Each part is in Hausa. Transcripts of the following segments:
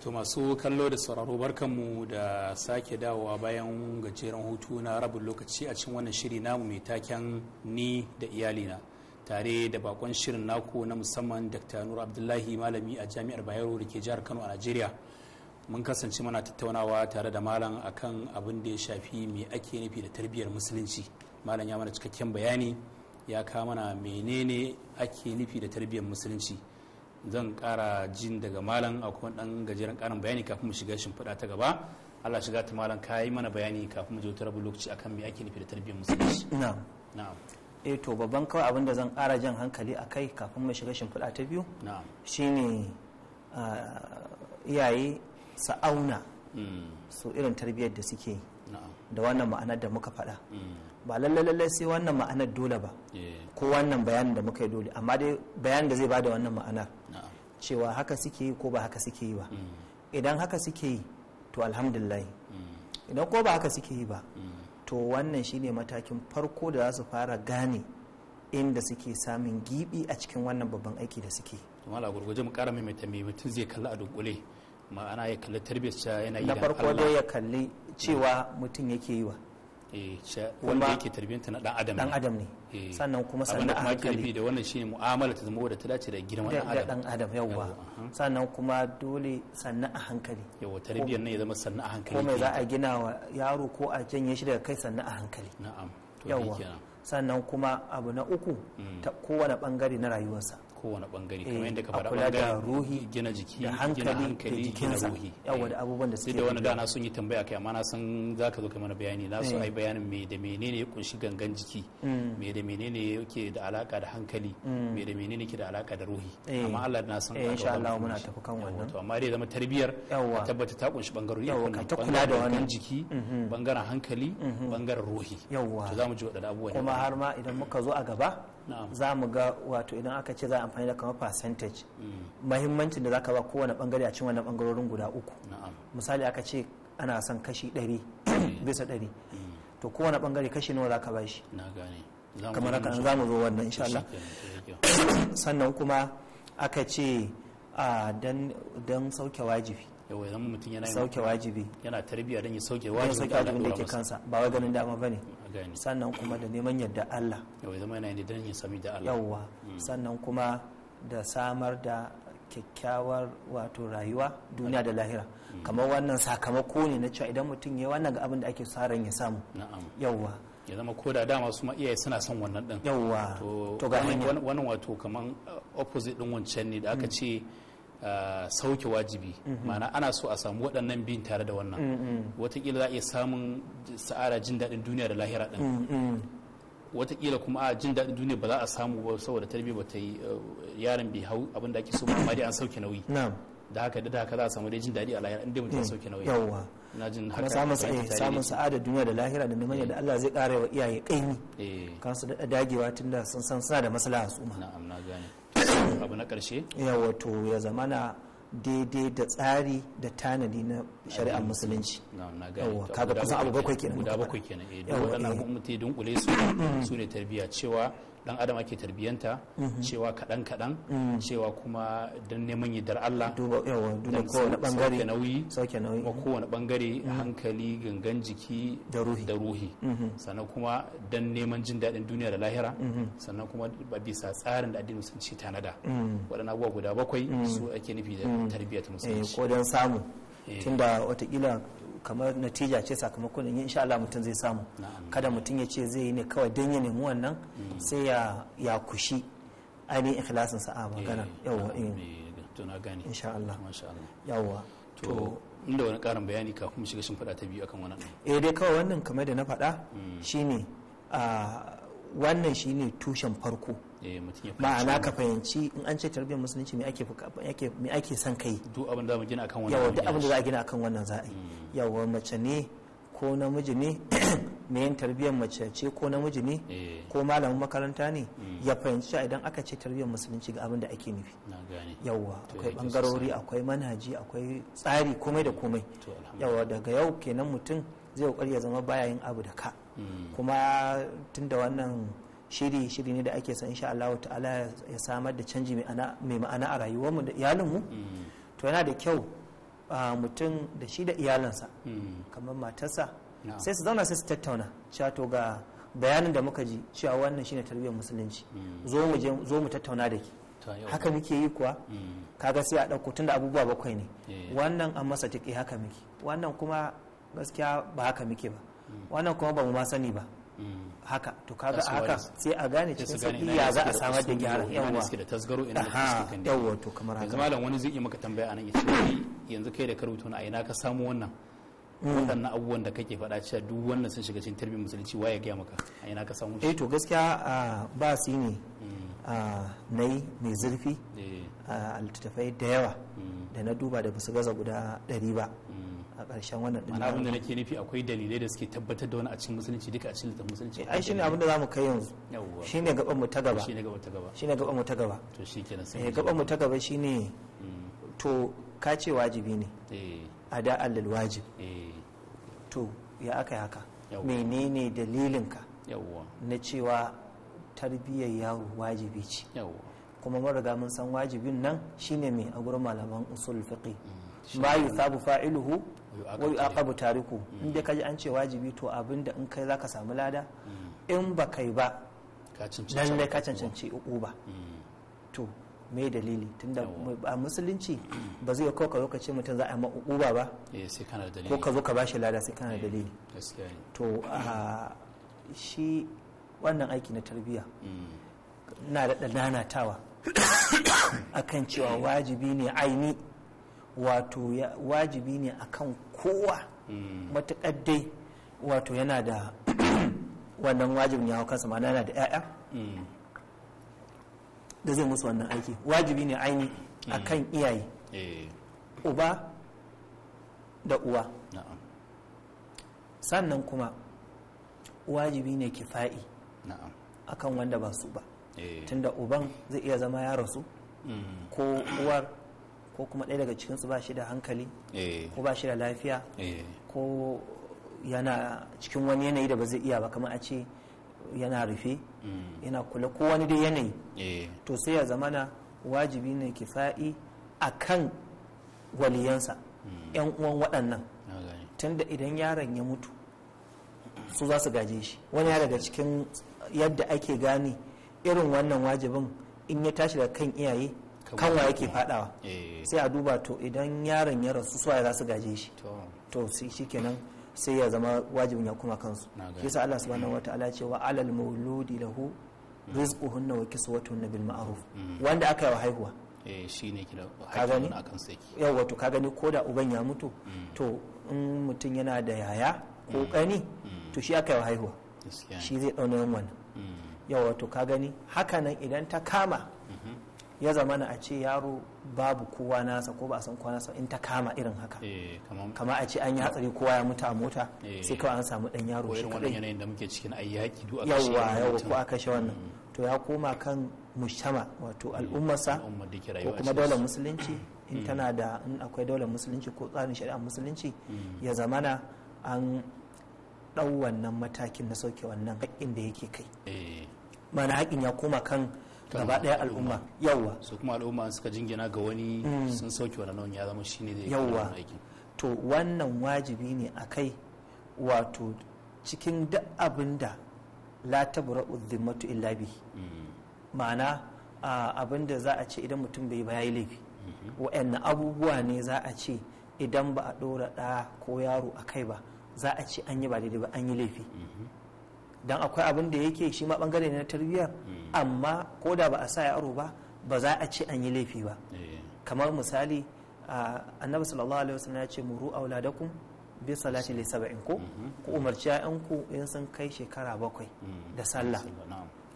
To masu kallo da sauraro barkanmu da sake dawowa bayan gajeren hutu na rabin lokaci a cikin wannan shiri namu mai taken ni da iyalina tare da bakon shirin naku na musamman Dr. Nur Abdullahi malami a Jami'ar Bayero da ke jihar Kano a nigeria Mun kasance mana tattaunawa tare da malam akan abin da ya shafi mai ake nufi da tarbiyyar musulunci. Malam ya mana cikakken bayani ya kawo mana menene ake nufi da tarbiyyar musulunci. zan kara jin daga malam akwai dan gajeren karin bayani kafin mu shiga shimfiɗa ta gaba Allah shiga ta malam ka yi mana bayani kafin mu je wata rabu lokaci akan me ake nufi da tarbiyyar musulunci na'am na'am eh to babban kawai abin da zan kara jan hankali akai kafin mu shiga shimfiɗa ta biyu na'am shine ah, iyaye sa auna mm. su irin tarbiyyar da suke yi da wannan ma'anar da muka faɗa mm. ba lallai lallai sai wannan ma'anar dole ba eh. ko wannan bayanin da muka yi dole amma dai bayanin da zai ba da wannan ma'anar cewa haka suke yi ko ba haka suke yi ba mm. idan haka suke yi to alhamdulillah mm. idan ko ba haka suke yi ba mm. to wannan shine matakin farko da za su fara gane inda suke samun gibi a cikin wannan babban aiki da suke mala mu mutum zai kalli a dunkule ma'ana ya kalli tarbiyyar yana yi da farko dai ya kalli cewa mutum yake yi wa Eh, wanda yake tarbiyyanta na dan adam dan adam ne eh, sannan kuma sannan a hankali da wannan shine mu'amala ta zama wadda ta dace da girman dan adam dan adam yawa sannan kuma dole sannan a hankali yawa tarbiyyar nan ya zama sannan a hankali kuma za a gina wa yaro ko a janye shi daga kai sannan a hankali na'am yawa sannan kuma abu na uku mm. ta kowane bangare na rayuwarsa kowane bangare kamar eh, yadda ka faɗa da ruhi gina jiki da hankali da ruhi eh, yawa da abubuwan da suke da wani dana sun yi tambaya kai amma na san za ka zo kai mana bayani na so ai eh. bayanin me da menene ya kunshi gangan jiki mm. me da menene yake da alaka da hankali mm. me da menene yake da alaka da ruhi amma Allah na san insha Allah muna tafi kan wannan to amma dai zama tarbiyar ka tabbata ta kunshi bangarori yawa ka ta kula da wannan jiki mm-hmm. bangaren hankali mm-hmm. bangaren ruhi yawa to za mu ji wadannan abubuwan kuma har ma idan muka zo a gaba za mu ga wato idan aka ce za a amfani da kamar percentage mm. mahimmancin da za ka ba kowane bangare a cikin wannan bangarorin guda uku misali aka ce ana son kashi 100 eh. bisa 100 mm. to kowane bangare kashi nawa za ka ba shi kamar haka za mu zo wannan insha Allah sannan kuma aka ce ah, dan sauke wajibi yau zama mutum yana sauke wajibi yana tarbiya don ya sauke wajibi sauke wajibi da ke kansa ba wa ganin dama bane sannan kuma da neman yadda Allah yau zama yana yadda don ya sami da Allah yawwa hmm. sannan kuma da samar da kyakkyawar wato rayuwa duniya da lahira hmm. kamar wannan sakamako ne na cewa idan mutum ya wannan ga abin da ake sa ran ya samu yawwa ya zama ko da dama su ma iyaye suna son wannan din yawwa to ga wannan wato kaman opposite din wancan ne da aka hmm. ce Eh, sauke wajibi mhm. ma'ana ana so a samu waɗannan biyun tare da wannan mm-hmm. watakila za a iya samun sa'ara jin daɗin duniya da lahira ɗin mm-hmm. watakila kuma a jin daɗin duniya ba za a samu ba saboda tarbiyya ba ta yi eh, yaron bai hau abin da ake so amma dai an sauke nauyi da haka da haka za a samu dai jin daɗi a lahira inda mutum mm. sauke nauyi yawa na jin haka samun eh, samun sa'ada duniya da lahira da neman yadda Allah zai ƙara wa iyaye ƙaimi kan su daɗa dagewa tunda sun san suna da maslaha su ma na'am na gane abu na karshe ya wato ya zamana daidai da tsari da tanadi na shari'ar musulunci kaga kusan abu bakwai kenan guda bakwai kenan eh duk waɗannan hukumte eh. dunkule su su ne tarbiyya cewa dan adam ake tarbiyanta mhm. cewa kadan kadan mhm. cewa kuma don neman yardar Allah duba yawa duba kowane bangare sauke nauyi sauke nauyi kuma kowane bangare mhm. hankali gangan jiki da ruhi da ruhi sannan kuma don neman jin daɗin duniya da lahira sannan kuma bisa tsarin da addinin ce tanada waɗannan abubuwa guda bakwai su ake nufi da tarbiyyar musulunci eh, ko don samu eh. tunda watakila kamar natija ce sakamakon in insha Allah mutum zai samu kada mutum ya ce zai yi ne kawai don ya nemi wannan mm. sai ya kushi ainihin ikhlasin a magana eh, yawwa eh. eh, insha Allah yawwa to inda wani karin bayani kafin mu shiga shimfada ta biyu akan wannan eh dai kawai wannan kamar da na faɗa mm. shine ah, wannan shine tushen farko Eh, ma'ana ka fahimci in an ce tarbiyyar musulunci me ake me ake son kai duk abin da gina akan wannan yawa duk abin da za a gina akan wannan za a yi hmm. yawa mace ne ko namiji ne me yin tarbiyyar mace ce ko namiji ne eh. ko malamin makaranta ne hmm. ya fahimci idan aka ce tarbiyyar musulunci ga abin da ake nufi yawa akwai bangarori akwai manhaji akwai tsari komai da komai yawa daga yau kenan mutum zai kokari ya zama baya yin abu da ka hmm. kuma tunda wannan shiri shiri ne da ake sa insha Allah ta'ala ya samar da canji mai ma'ana a rayuwar mu da iyalinmu mm. to yana da kyau mutum da shi da iyalinsa mm. kamar matarsa sai su zauna sai su tattauna cewa to ga bayanin da muka ji cewa wannan shine tarbiyyar musulunci mm. zo mu tattauna da ke haka muke yi kuwa kaga sai a dauko tunda abubuwa bakwai ne eh. wannan an masa tiki haka muke wannan kuma gaskiya ba haka muke ba wannan kuma ba mu ma sani ba haka to kaga a haka sai a gane cikin sauki ya za a samar da gyara yawa suke da tasgaro ina da suke da yawa to kamar haka yanzu malam wani zai yi maka tambaya anan ya ce yanzu kai da karutu na ina ka samu wannan mm. waɗannan abubuwan da kake faɗa cewa duk wannan sun shiga cikin tarbiyyar musulunci waye gaya maka a ina ka samu eh to gaskiya ba su ne mm. na yi mai zurfi eh. a littattafai da yawa mm. da na duba da basu gaza guda ɗari ba a ƙarshen wannan ɗin. abin da nake nufi akwai dalilai da suke tabbatar da wani a cikin musulunci duka a cikin littafin musulunci eh, ai shine abin da zamu kai yanzu shine gaban mu ta gaba shine gaban ta gaba shine gaban mu ta gaba to shikenan sai eh gaban mu ta gaba shine hmm. to ka ce wajibi ne eh ada alal wajib eh to ya aka haka menene dalilinka yawwa na cewa tarbiyyar yaro wajibi ce Yawwa. kuma mariga mun san wajibin nan shine mai a gurin malaman usul fiqi hmm. ma yusabu fa'iluhu wai aqabu tariku mm. inda kaji an ce wajibi to abinda in kai zaka samu lada mm. in ba kai ba dan ne ka cancanci uquba mm. to me dalili tunda a musulunci ba zai kawo ka lokacin mutum za a ma uba ba eh, ko ka zo ka bashi lada sai kana eh, dalili to shi wannan aiki na tarbiyya na da tawa akan cewa wajibi ne aini wato wajibi ne akan kowa mm. matuƙar dai wato yana da wannan wajibin ya hau kansa ma yana da 'ya'ya mm. da zai musu wannan aiki wajibi ne aini mm. akan iyaye eh. uba da uwa sannan kuma wajibi ne kifa'i akan wanda ba su ba eh. tunda uban zai iya zama ya rasu ko uwar ko kuma ɗaya daga cikinsu ba shi da hankali eh. ko ba shi da lafiya eh. ko yana cikin wani yanayi da ba zai iya ba kamar a ce yana rufe mm. yana kula ko wani dai yanayi eh. to sai ya zamana wajibi ne kifa'i a kan waliyansa 'yan mm. uwan waɗannan tunda idan yaron ya mutu su za su gaje shi wani daga cikin yadda ake gane irin wannan wajibin in ya tashi daga kan iyaye wa yake fadawa eh. sai a duba to idan yaron ya rasu suwa za su gaje shi to shi kenan sai ya zama wajibin ya kuma kansu yasa Allah subhanahu wataala ce wa alal mauludi lahu hmm. rizquhunna wa kiswatuhunna bil ma'ruf hmm. wanda aka yi wa haihuwa eh, shi ne kira hakan akan saki yawa to ka gani ko da uban ya mutu hmm. to in mutum yana da yaya ko kani to shi aka yi wa haihuwa shi zai dauna wannan yawa to ka gani hakanan idan ta kama ya zamana a ce yaro babu kowa nasa ko ba a san kowa nasa in ta kama irin haka eh, kama a ce an yi hatsari kowa ya mutu a mota eh. sai kawai an samu dan yaro shi kadai yanayin da muke cikin ayyaki. yaki duk aka yawa yawa ko aka kashe wannan mm. to ya koma kan mushtama wato eh, al'ummarsa ko kuma daular musulunci mm. in tana da in akwai daular musulunci ko tsarin shari'ar musulunci mm. ya zamana an dau wannan matakin na sauke wannan haƙƙin da yake kai mana haƙƙin ya koma kan gaba daya al'umma yawwa su kuma al'umma suka jingina ga wani mm. sun sauke wannan nauyin ya zama shine da yawwa to wannan wajibi ne a kai wato cikin duk abin da la tabra illa bi mm. ma'ana abin da za a ce idan mutum bai ba yayi laifi mm-hmm. wa'anna abubuwa ne za a ce idan ba a ɗora da ko yaro a kai ba za a ce an yi ba daidai ba an yi laifi mm-hmm. dan akwai abin da yake shi ma bangare na tarbiyyar hmm. amma ko da ba a sa yaro ba ba za a ce an yi laifi ba eh. kamar misali annabi sallallahu alaihi wasallam ya ce muru auladakum bi salati li sab'in ko mm-hmm. ku umarci ku in sun kai shekara bakwai hmm. da sallah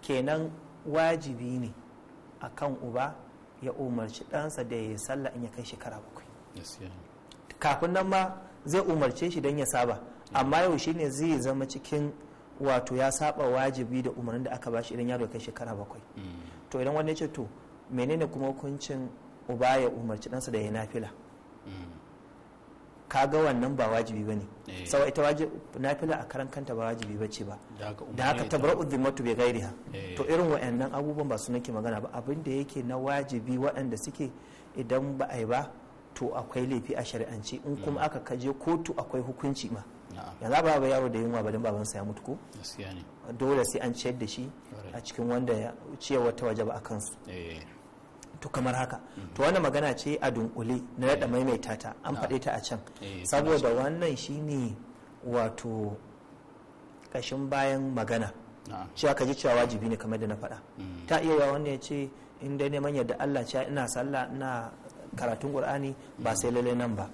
kenan wajibi ne akan uba ya umarci ɗansa da ya sallah in ya kai shekara bakwai kafin nan ma zai umarce shi don ya saba hmm. amma yau shine zai zama cikin wato ya saba wajibi da umarnin da aka bashi idan yaro kai shekara bakwai mm. to idan wani ce to menene kuma hukuncin uba ya umarci dansa da ya nafila mm. ga wannan ba wajibi ba ne eh. sawa ita nafila a karan kanta ba wajibi ba ce ba da haka tabara'u matu bai gairi ha eh. to irin wa'annan abubuwan ba su nake magana ba abin da yake na wajibi waɗanda suke idan ba a yi ba to akwai laifi a shari'ance in kuma mm. aka kaje kotu akwai hukunci ma ya za ba yaro da yunwa badan babansa ya mutu ko dole sai an ciyar da shi a cikin wanda ya ciyar wata waje ba a kansu eh. to kamar haka mm-hmm. to wannan magana ce a dunkule na daɗa eh. maimaita ta an faɗe ta a can eh, saboda wannan shine wato kashin bayan magana cewa ka ji cewa wajibi ne kamar da na faɗa mm. ta iya wannan ya ce in dai neman yadda Allah ce ina sallah ina karatun qur'ani ba sai lalle nan ba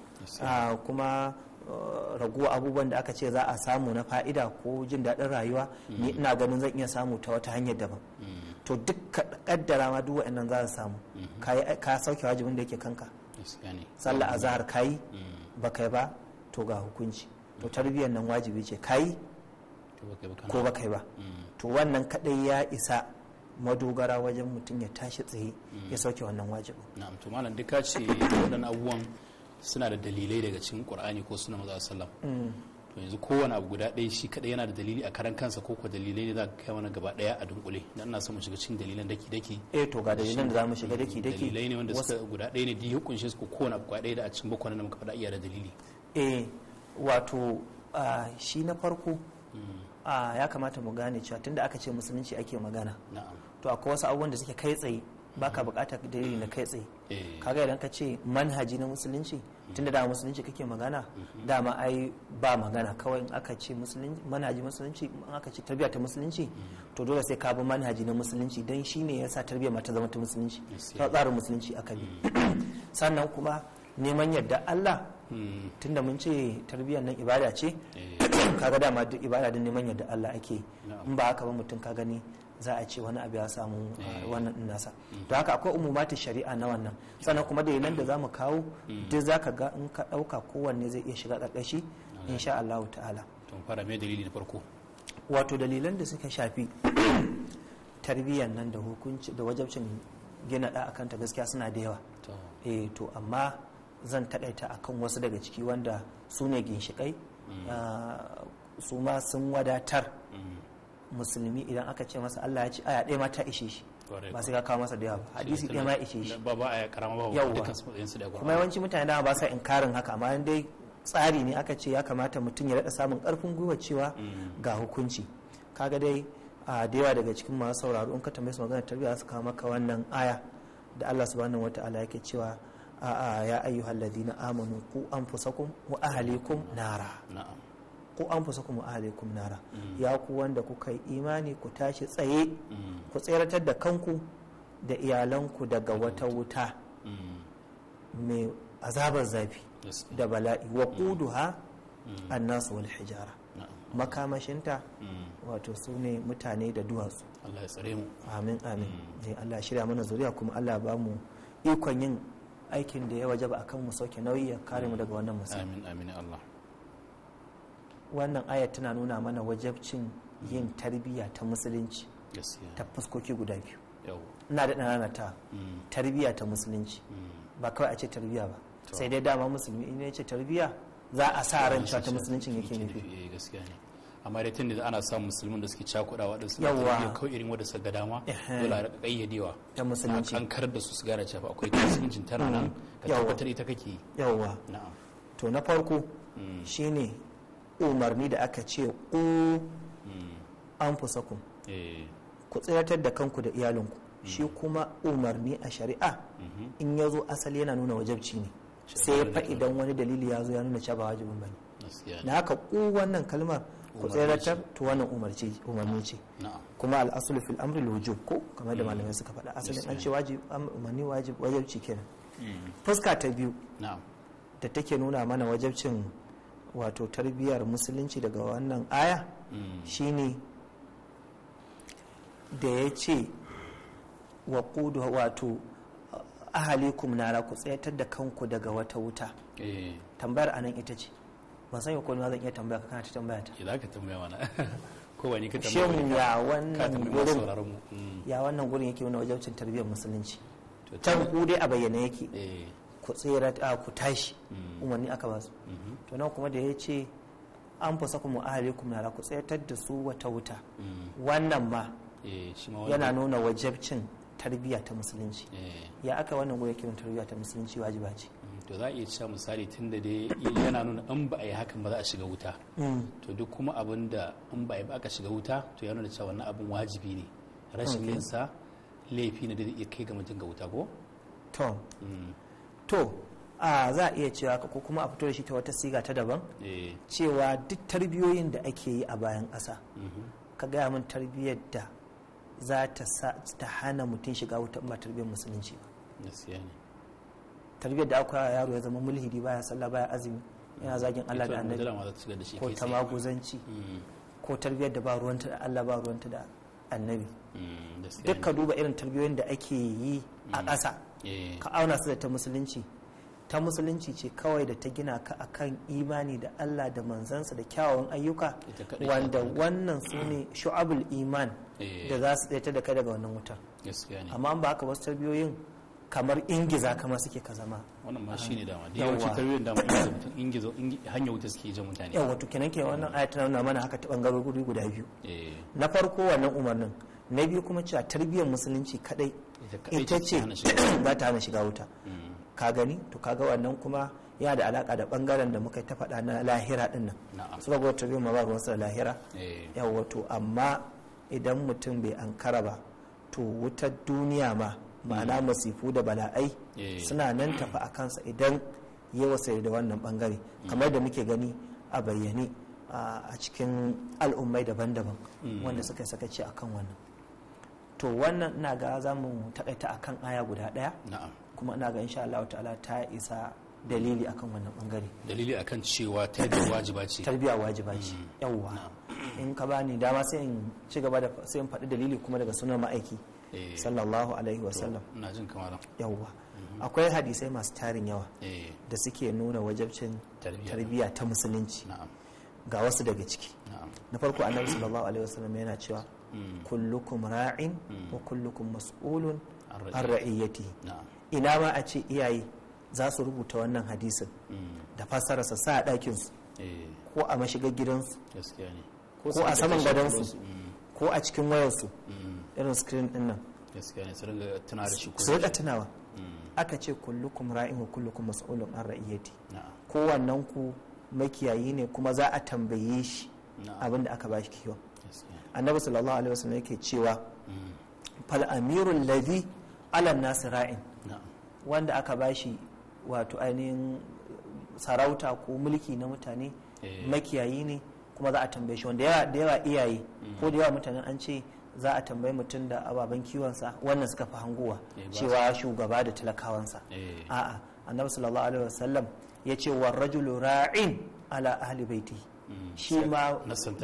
ah, kuma uh, raguwa abubuwan da aka ce za a samu na fa'ida ko jin daɗin rayuwa ni mm. ina ganin zan iya samu ta wata hanyar daban mm. to duk kaddara ma duk wa'annan za su samu mm-hmm. ka sauke wajibin da yake kanka sallah mm. azhar kai ba kai ba to ga hukunci to tarbiyyar nan wajibi ce kai ko ba kai ba to wannan kadai ya isa madogara wajen mutum ya tashi tsaye ya sauke wannan wajibin na'am to malam duka ce waɗannan abubuwan suna da dalilai daga cikin qur'ani ko suna maza sallam to yanzu kowane abu guda ɗaya shi kaɗai yana da dalili a karan kansa ko kuwa dalilai ne za ka kai mana gaba ɗaya a dunkule dan ina son mu shiga cikin dalilan daki daki eh to ga dalilan da za mu shiga daki daki mm, dalilai ne wanda suka guda ɗaya ne duk ya kunshe su kowane abu guda ɗaya da a cikin bakwai na muka faɗa iya da dalili eh wato ah, shi na farko mm. ya kamata mu gane cewa tunda aka ce musulunci ake magana to akwai wasu abubuwan da suke kai tsaye baka bukata dalili na kai tsaye eh. kaga idan ka ce manhaji na musulunci mm-hmm. tunda da musulunci kake magana mm-hmm. dama ai ba magana kawai aka ce manhaji musulunci in aka ce tarbiya ta musulunci mm-hmm. to dole sai ka bi manhaji na musulunci don shine yasa tarbiyya ma ta zama ta musulunci ta tsarin musulunci aka bi mm. sannan kuma neman yadda Allah mm. tunda mun ce tarbiyyar nan ibada ce eh. Ka ga dama duk ibada da neman yadda Allah ake in ba haka ba mutum ka gani za a ce wani abu ya samu uh, eh. wannan din nasa to mm. haka akwai umumati shari'a na wannan mm. sannan kuma dalilan da zamu kawo mm. duk zaka ga in ka dauka kowanne zai iya shiga karkashi insha Allah ta'ala to fara me dalili na farko wato dalilan da suka shafi tarbiyyar nan da hukunci da wajabcin gina da akan ta gaskiya suna da yawa eh to amma zan taɗaita akan wasu daga ciki wanda su ne ginshikai Mm. Ah, su ma sun wadatar mm. musulmi idan aka ce masa Allah ya ci aya ɗaya ma ta ishe shi ba sai ka kawo masa da yawa hadisi ɗaya ma ishe shi ba ba aya karama ba yawwa kuma yawanci mutane da ba sa inkarin haka amma dai tsari ne aka ce ya kamata mutum ya daɗa samun karfin gwiwa cewa mm. ga hukunci kaga dai a da yawa daga cikin masu sauraro in ka tambaye su magana tarbiyya su kawo maka wannan aya da Allah subhanahu wataala yake cewa a'a ya ayyuhal ladina amanu ku anfusakum wa ahlikum nara ku anfusakum wa ahlikum nara ya ku wanda kuka yi imani ku tashi tsaye ku tseratar da kanku da iyalanku daga wata wuta mai azabar zafi da bala'i wa An nasu wani hijara makamashinta wato su ne mutane da duwatsu Allah ya tsare mu amin amin Allah shirya mana zuriya kuma Allah ba mu ikon yin aikin da ya a kan mu sauke nauyi ya kare mu daga wannan musu amin amin Allah wannan aya tana nuna mana wajabcin yin tarbiyya ta musulunci ta fuskoki guda biyu ina da ɗana ta mm. tarbiyya ta musulunci mm. ba kawai a ce tarbiyya ba sai dai dama musulmi in ya ce tarbiyya za a sa ran cewa ta musuluncin yake nufi eh, amma dai tun da ana samun musulmin da suke cakuɗa waɗansu na tarbiyya kawai irin wadda suka dama dole a ƙayyadewa yan musulunci an kar da su su gane cewa akwai musuluncin tana nan ka tabbatar ita kake yi. yawwa na'am to na farko mm. shine umarni da aka ce mm. eh. ku an fusa ku tsayatar da kanku da iyalinku mm. shi kuma umarni a shari'a mm-hmm. in ya zo asali yana nuna wajabci ne sai fa idan wani dalili ya zo ya nuna cewa ba wajibin bane na haka ku wannan kalmar ku tseratar to wannan umarni ce kuma al'asulu fil amri wujub ko kamar da mm. malamai suka faɗa asalin an ce umarni wajibci kenan mm. fuska ta biyu da take nuna mana wajabcin wato tarbiyyar musulunci daga wannan aya mm. shine da ya ce wa wato ahalikum nara ku tsayatar da kanku daga wata wuta eh. tambayar anan ita ce ban san ko zan iya tambaya ka kana ta tambaya ta idan ka tambaya mana ko wani ka tambaya shin ya wannan gurin mm. ya wannan gurin yake wani wajabcin tarbiyyar musulunci can ku dai a bayyana yake eh. ku tsira ku tashi mm. umarni aka ba su mm-hmm. to nan kuma da ya ce an fasa kuma ahalikum yara ku tsayatar da su wata wuta mm. wannan eh, ma yana nuna wajabcin tarbiyya ta musulunci eh. ya aka wannan gurin yake wani tarbiyya ta musulunci wajiba ce to za a iya cewa misali tun da dai yana nuna in ba a yi hakan ba za a shiga wuta mm. to duk kuma abin da in ba a yi ba aka shiga wuta to ya nuna cewa wannan abin wajibi ne rashin yin sa laifi ne da zai kai ga mutum ga wuta ko to mm. to a za a iya cewa ko kuma a fito da shi ta wata siga ta daban eh. cewa duk tarbiyoyin da ake yi a bayan ƙasa mm-hmm. ka gaya min tarbiyyar da za ta hana mutum shiga wuta ba tarbiyyar musulunci ba tarbiyyar da aka yaro ya zama mulhidi baya sallah baya azumi yana zagin Allah da annabi ko tamaguzanci hmm. ko tarbiyyar da ba ruwanta da Allah ba ruwanta da annabi hmm, duk ka duba irin tarbiyoyin da ake yi a hmm. ƙasa eh. ka auna su da ta musulunci ta musulunci ce kawai da ta gina ka akan imani da Allah da manzansa da kyawawan ayyuka wanda wannan su ne shu'abul iman eh. da za su tsaye da kai daga wannan wutar amma ba haka wasu tarbiyoyin kamar ingiza kama suke ka zama wannan ma shine dama da yawanci tarbiyyar dama ingiza mutum Ingiza hanyar wuta suke jan mutane yawa to kenan ke wannan ayat tana nuna mana haka ta bangarori guda biyu eh. na farko wannan umarnin na biyu kuma cewa tarbiyyar musulunci kadai ita ce ba ta hana shiga wuta mm. ka gani to kaga wannan kuma yana da alaka da bangaren da muka ta faɗa na lahira din nan suka ga tarbiyyar ma ba ruwansa da lahira eh. yawa to amma idan mutum bai ankara ba to wutar duniya ma ma'ana mm. masifu da bala'ai eh. suna nan tafi a kansa idan ya wasa da wannan bangare mm. kamar da muke gani a bayyane a cikin al'ummai daban-daban mm. wanda suka sakaci kan wannan to wannan ina ga za mu takaita kan aya guda daya kuma ina ga insha Allah ta'ala ta isa dalili akan wannan bangare dalili akan cewa tarbiyya wajiba ce tarbiyya wajiba ce yawwa in ka bani dama sai in ci gaba da sai in faɗi dalili kuma daga sunan ma'aiki Eh. sallallahu alaihi wasallam yawwa mhm. akwai hadisai masu tarin yawa eh. da suke nuna wajabcin tarbiyya ta musulunci ga wasu daga ciki na farko annabi sallallahu alaihi wasallam yana cewa mm. kullukum ra'in mm. wa kullukum mas'ulun an ra'iyyatihi ina ma a ce iyaye za su rubuta wannan hadisin mm. da fassararsa sa a su eh. ko a mashigar gidansu ko a saman gadansu ko a cikin wayarsu irin screen din nan su ringa da shi su tunawa mm. aka ce kullukum ra'in wa kullukum mas'ulun an ra'iyati kowannen ku makiyayi ne kuma za a tambaye shi abin da aka ba shi kiwon annabi sallallahu alaihi wasallam yake cewa mm. fal amirul ladhi ala nas ra'in wanda aka ba shi wato ainihin sarauta ko mulki na mutane eh. makiyayi ne kuma za a tambaye shi wanda da yawa iyaye ko da mm. yawa mutanen an ce za a tambayi mutum da ababen kiwonsa wannan suka fi hanguwa eh, cewa shugaba da talakawansa eh. a'a annabi sallallahu alaihi wasallam ya ce wa rajulu ra'in ala ahli baiti mm. shi ma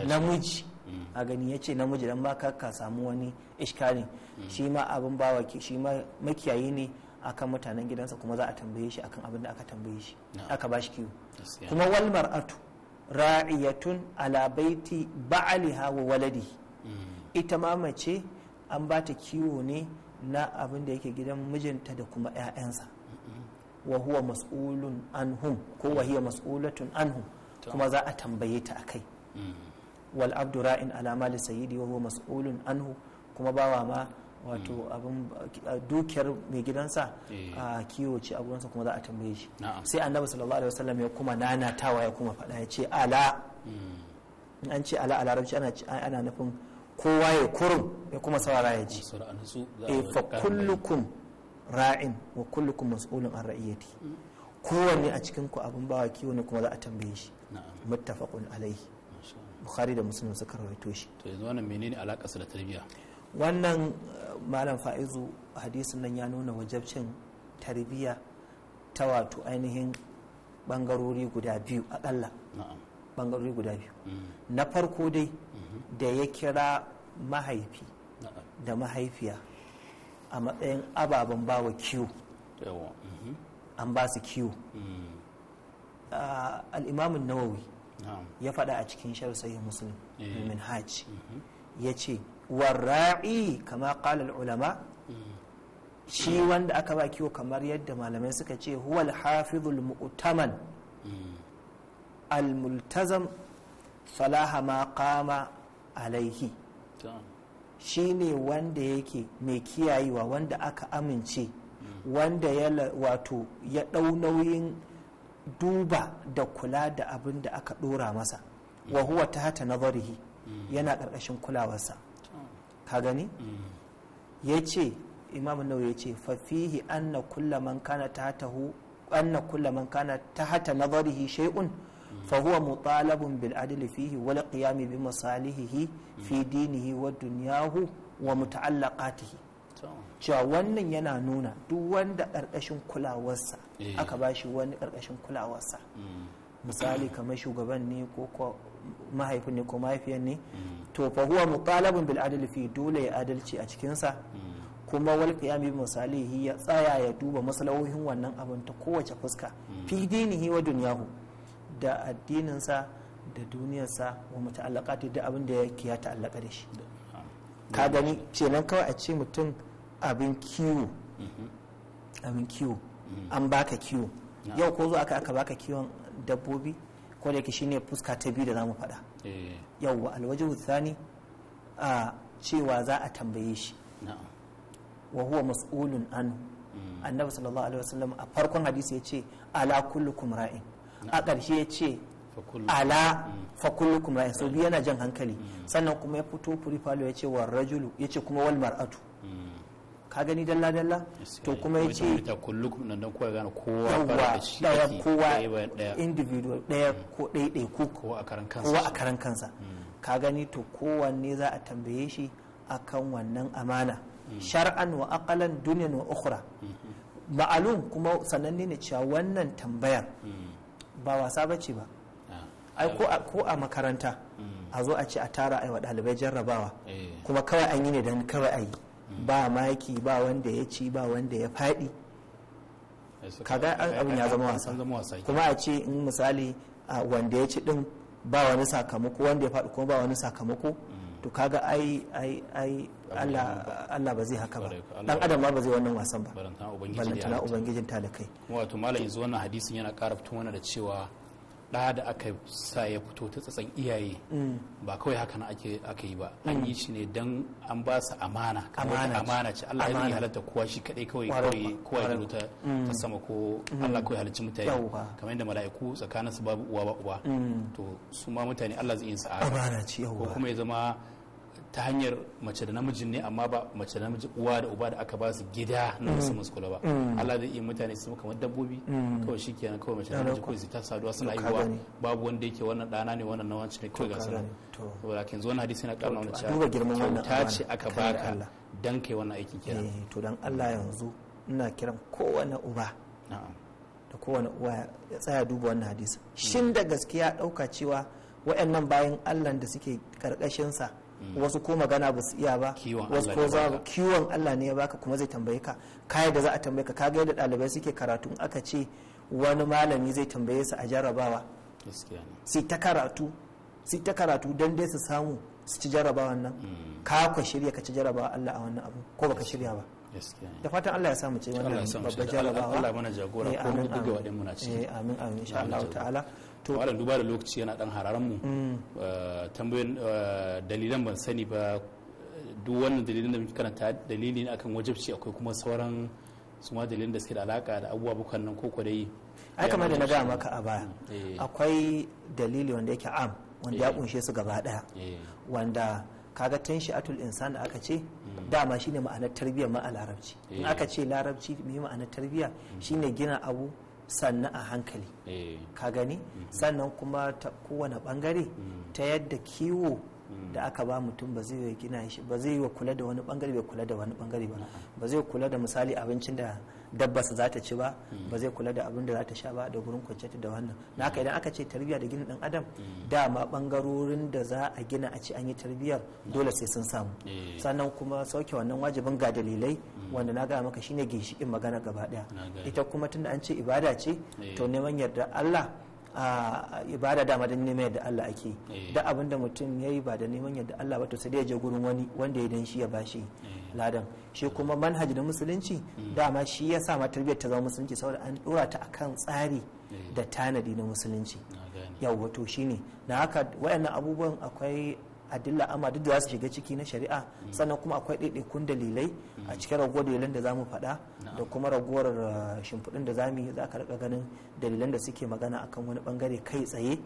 namiji mm. a gani ya ce namiji dan baka ka samu wani iskari mm. shi ma abin bawa shi ma makiyayi ne akan mutanen gidansa kuma za a tambaye shi akan abin da aka tambaye shi aka bashi kiwo kuma wal mar'atu ra'iyatun ala baiti ba'aliha wa waladi ita ma mace an ba ta kiwo ne na abin da yake gidan mijinta da kuma 'ya'yansa wa huwa mas'ulun anhum ko wa hiya mas'ulatun anhum kuma za a tambaye ta akai mm. wal abdu ra'in ala mali wa huwa mas'ulun anhu kuma bawa ma wato mm. abin dukiyar mai gidansa eh. a kiwo ce a gurinsa kuma za a tambaye shi sai annabi sallallahu alaihi wasallam ya kuma nanatawa ya kuma faɗa ya ce ala mm. an ce ala a larabci ana nufin kowa ya kurum ya kuma saurara ya ji e fa kullukum ra'in wa kullukum mas'ulun an ra'iyati kowanne a cikin ku abin bawa kiwo ne kuma za a tambaye shi muttafaqun alaihi bukhari da muslim suka rawaito shi to yanzu wannan menene alakar su da tarbiyya wannan eh, malam fa'izu hadisin nan ya nuna wajabcin tarbiyya ta wato ainihin bangarori guda biyu akalla na'am bangarori guda biyu mm. na farko dai mm-hmm. da ya kira mahaifi da mahaifiya a matsayin ababen bawa kiwo mm-hmm. an ba su kiwo mm. ah, al'imamin nawawi ya faɗa a cikin sharsayin musulun min eh. hajji mm-hmm. ya ce warra'i kama ƙalal ulama mm. shi wanda aka ba kiwo kamar yadda malamai suka ce huwal hafizul mu'taman al-multazam salaha ma kama alaihi shi ne wanda yake mai kiyayewa wanda aka amince wanda ya wato ya ɗau nauyin duba da kula da abin da aka ɗora masa wa huwa ta hata nazarihi yana ƙarƙashin kulawarsa ka gani ya ce imam nau ya ce fafihi anna kulla man kana ta hata nazarihi shaikun? fa huwa بالعدل فيه والقيام بمصالحه في دينه ودنياه ومتعلقاته fi wa wa cewa wannan yana nuna duk wanda ƙarƙashin kulawarsa aka ba shi wani ƙarƙashin kulawarsa misali kamar shugaban ne ko mahaifin ne ko mahaifiyan ne to fa huwa mutalabun bil adli fi dole ya adalci a cikinsa kuma wal qiyami misalihi ya tsaya ya duba maslahohin wannan abin ta kowace fuska fi dinihi wa dunyahu da addininsa da duniyarsa wa ta da abin da yake ya ta'allaka da shi ka gani nan kawai a ce mutum abin kiwo abin kiwo an baka kiwo yau ko zo aka baka kiwon dabbobi ko da shi ne fuska ta biyu da za mu faɗa eh. yau alwajihu thani a cewa za a tambaye shi wa huwa mas'ulun an mm. annabi sallallahu alaihi wasallam a farkon hadisi ya ce ala kullukum ra'in a ƙarshe ya ce ala fa kuma ya sau yana jan hankali mm. sannan kuma ya fito falo ya ce war rajulu ya ce kuma wal mar'atu mm. ka gani dalla dalla to kuma ya ce kowa kowa individual daya mm. ko ɗaiɗai ko kowa a karan kansa ka gani to kowanne za a tambaye shi akan wannan amana shar'an wa aqalan duniyan wa ukhra mm-hmm. ma'alum kuma sananne ne cewa wannan tambayar ba wasa bace ba ah. ai ko a makaranta mm. a zo a ce a tara ai wa ɗalibai jarrabawa eh. kuma kawai an yi ne don kawai a yi mm. ba maki ba wanda ya ci ba wanda ya faɗi kaga abin ya zama wasa kuma a ce in misali wanda ya ci din ba wani sakamako wanda ya faɗi kuma ba wani sakamako mm. to kaga ai ai ai Allah ba zai haka ba dan adam ma ba zai wannan wasan ba balantana ubangijin kai wato malam yanzu wannan hadisin yana karafta mana da cewa ɗa da aka sa ya fito ta tsatsan iyaye ba kawai haka ake aka yi ba an yi shi ne don an ba su amana amana ce Allah ya halatta kowa shi kadai kawai kawai kowa ya ta mm. ta sama ko mm. Allah kawai halicci mutane kamar yadda mala'iku tsakanin su babu uwa ba uba mm. to su ma mutane Allah zai yin sa'a amana ce ko kuma ya zama ta hanyar mace da namijin ne amma ba mace da namiji uwa da uba da aka ba su gida na wasu muskula ba mm. mm. Allah zai iya mutane su kamar dabbobi mm. kawai shikenan kawai mace da namiji kawai su ta saduwa suna wa babu wanda yake wannan dana ne wannan na ne kawai ga sanan to lakin zuwa hadisi na karna wannan cewa ta ce aka baka dan kai wannan aikin kenan eh, to dan Allah yanzu ina kiran kowane uba da kowane uwa ya tsaya duba wannan hadisi shin da gaskiya dauka cewa wa'annan bayan Allah da suke karkashin sa Mm. wasu ko magana ba su iya ba wasu ko za kiwon Allah ne ya baka kuma zai tambaye ka kai da za a tambaye ka kaga yadda ɗalibai suke karatu aka ce wani malami zai tambaye su a jarrabawa sai ta karatu sai ta karatu don dai su samu su ci jarrabawan nan mm. ka kwa shirya ka ci jarrabawa Allah a wannan abu ko baka shirya ba da fatan Allah ya samu ce wannan babba jarabawa Allah mana jagora eh, ko mun buga wa muna eh amin amin insha Allah ta'ala to Allah duba da lokaci yana dan hararan mu mm. eh, tambayoyin eh, dalilan ban sani ba duk wannan dalilin da muke karanta dalili ne akan wajibci akwai kuma sauran su ma dalilin da suke da alaka da abubuwa bukan nan ko kwadai ai kamar da na ga maka a baya akwai dalili wanda yake am wanda ya kunshe su gaba daya wanda kaga tanshi atul insan da aka ce dama shine ma'anar tarbiyya ma a larabci in eh. aka ce larabci mai ma'anar tarbiyya mm. shine gina abu sannan a hankali eh. ka gani mm. sannan kuma ta kowane bangare mm. ta yadda kiwo da aka ba mutum ba zai gina shi wa kula da wani bangare bai kula da wani bangare ba ba zai kula da misali abincin da Dabbas za ta ci ba mm. ba zai kula da abin da za ta sha ba da gurin kwanciyar da wannan na haka idan aka ce tarbiyya da gina dan adam mm. dama bangarorin da za a gina a ci an yi tarbiyyar mm. dole sai sun samu eh. sannan kuma sauke wannan wajibin ga dalilai wanda na gaya maka shine ginshikin magana gaba daya ita kuma tunda an ce ibada ce eh. to neman yarda Allah a ibada dama don neman yadda Allah ake eh. da abinda mutum ya yi ba da neman yadda Allah ba to sai dai ya je gurin wani wanda ya dan shi ya bashi ladan shi kuma manhaji na musulunci mm. dama shi ya sa ma tarbiyyar ta zama musulunci saboda an dora ta akan tsari eh. da tanadi na musulunci yau wato shine na haka wayannan abubuwan akwai adilla amma duk da za su shiga ciki na shari'a sannan kuma akwai ɗaiɗaikun dalilai a cikin ragowar dalilan da za mu faɗa da kuma ragowar uh, shimfiɗin da za mu yi za ka rika ganin dalilan da suke magana akan wani bangare kai tsaye eh.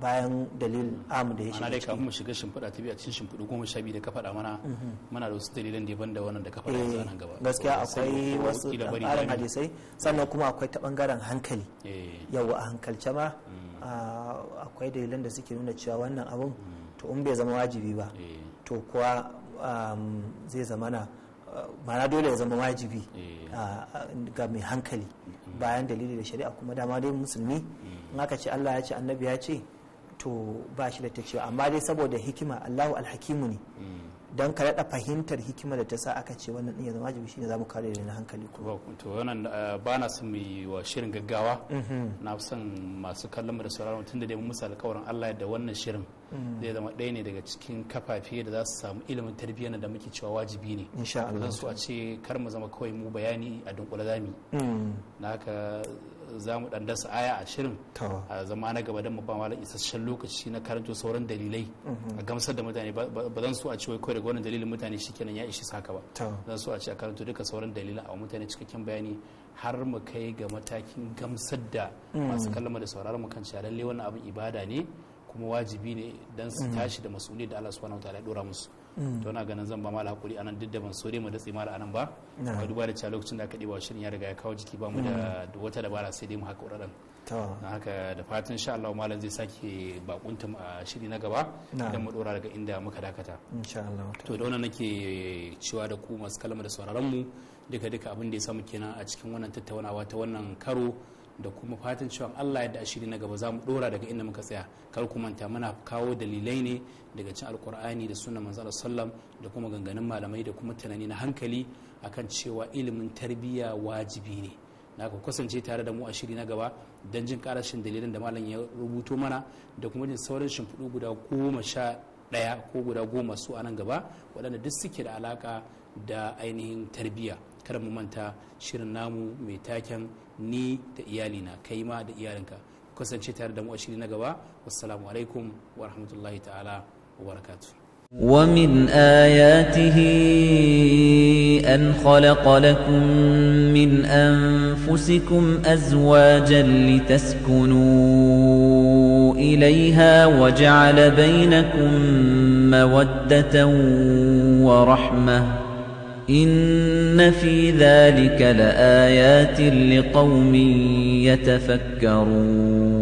bayan dalil amu da ya shiga ciki. kafin mu shiga shimfiɗa ta biyu a cikin shimfiɗu goma sha biyu da ka faɗa mana mhm. muna da wasu dalilan da ban da wannan da ka faɗa yanzu nan gaba. Eh, gaskiya akwai wasu tsarin hadisai sannan kuma akwai ta bangaren hankali eh. yawa a hankalce ma mm. akwai dalilan da suke nuna cewa wannan abun to in bai zama wajibi ba eh. to kuwa um, zai zama na mana uh, dole ya zama wajibi eh. ga mai hankali mm-hmm. bayan dalili da shari'a kuma dama dai musulmi mm. in aka ce Allah ya ce annabi ya ce to ba shi da ta cewa amma dai saboda hikima Allahu alhakimu ne mm. don ka daɗa fahimtar hikima da ta sa aka ce wannan din ya zama wajibi za zamu kare da hankali ku. to wannan eh, ba na son mu wa shirin gaggawa mhm. na son masu kallon da sauraron tunda dai mun musu alƙawarin Allah da wannan shirin Mm. zai zama ɗaya ne daga cikin kafafe da za su samu ilimin tarbiyyar da muke cewa wajibi ne don su a ce kar mu zama kawai mu bayani a dunkula zami mm. na haka za mu ɗan dasa aya a shirin a zama na gaba don mu ba malam isasshen lokaci na karanto sauran dalilai mm-hmm. a gamsar da mutane ba zan so a ce wai kawai daga wannan dalilin mutane shikenan ya ishi saka ba zan so a ce a karanto duka sauran dalilan a mutane cikakken bayani har mu kai ga matakin gamsar da mm. masu kallama da sauraron mu kan cewa lalle wannan abin ibada ne kuma wajibi ne dan su mm. tashi da masuliyar da Allah subhanahu wataala ya dora musu mm. to na ganin zan ba mala hakuri anan duk da ban so dai mu datse mala anan ba Ka duba da cewa lokacin da aka diba shirin ya riga ya kawo jiki ba mu da mm. wata dabara sai dai mu haka uradan na haka da fatan insha Allah malam zai sake bakunta a shiri na gaba idan mu dora daga inda muka dakata insha Allah to da wannan nake cewa da ku masu kalma da sauraron mu duka duka abin da ya samu kenan a cikin wannan tattaunawa ta wannan karo da kuma fatan cewa Allah ya da na gaba za mu dora daga inda muka tsaya kar ku manta muna kawo dalilai ne daga cin alkur'ani da sunan manzo sallam da kuma ganganin malamai da kuma tunani na hankali akan cewa ilimin tarbiyya wajibi ne na ku kasance tare da mu a shiri na gaba don jin karashin dalilan da malam ya rubuto mana da kuma jin sauran shimfiɗu guda goma sha ɗaya ko guda goma su a nan gaba waɗanda duk suke da alaƙa da ainihin tarbiyya kar mu manta shirin namu mai taken ni da iyalina kai ma da iyalinka kusance tare da mu a shiri na gaba wassalamu alaikum wa rahmatullahi ta'ala wa barakatuh ومن آياته أن خلق لكم من أنفسكم أزواجا لتسكنوا إليها وجعل بينكم مودة ورحمة إن في ذلك لآيات لقوم يتفكرون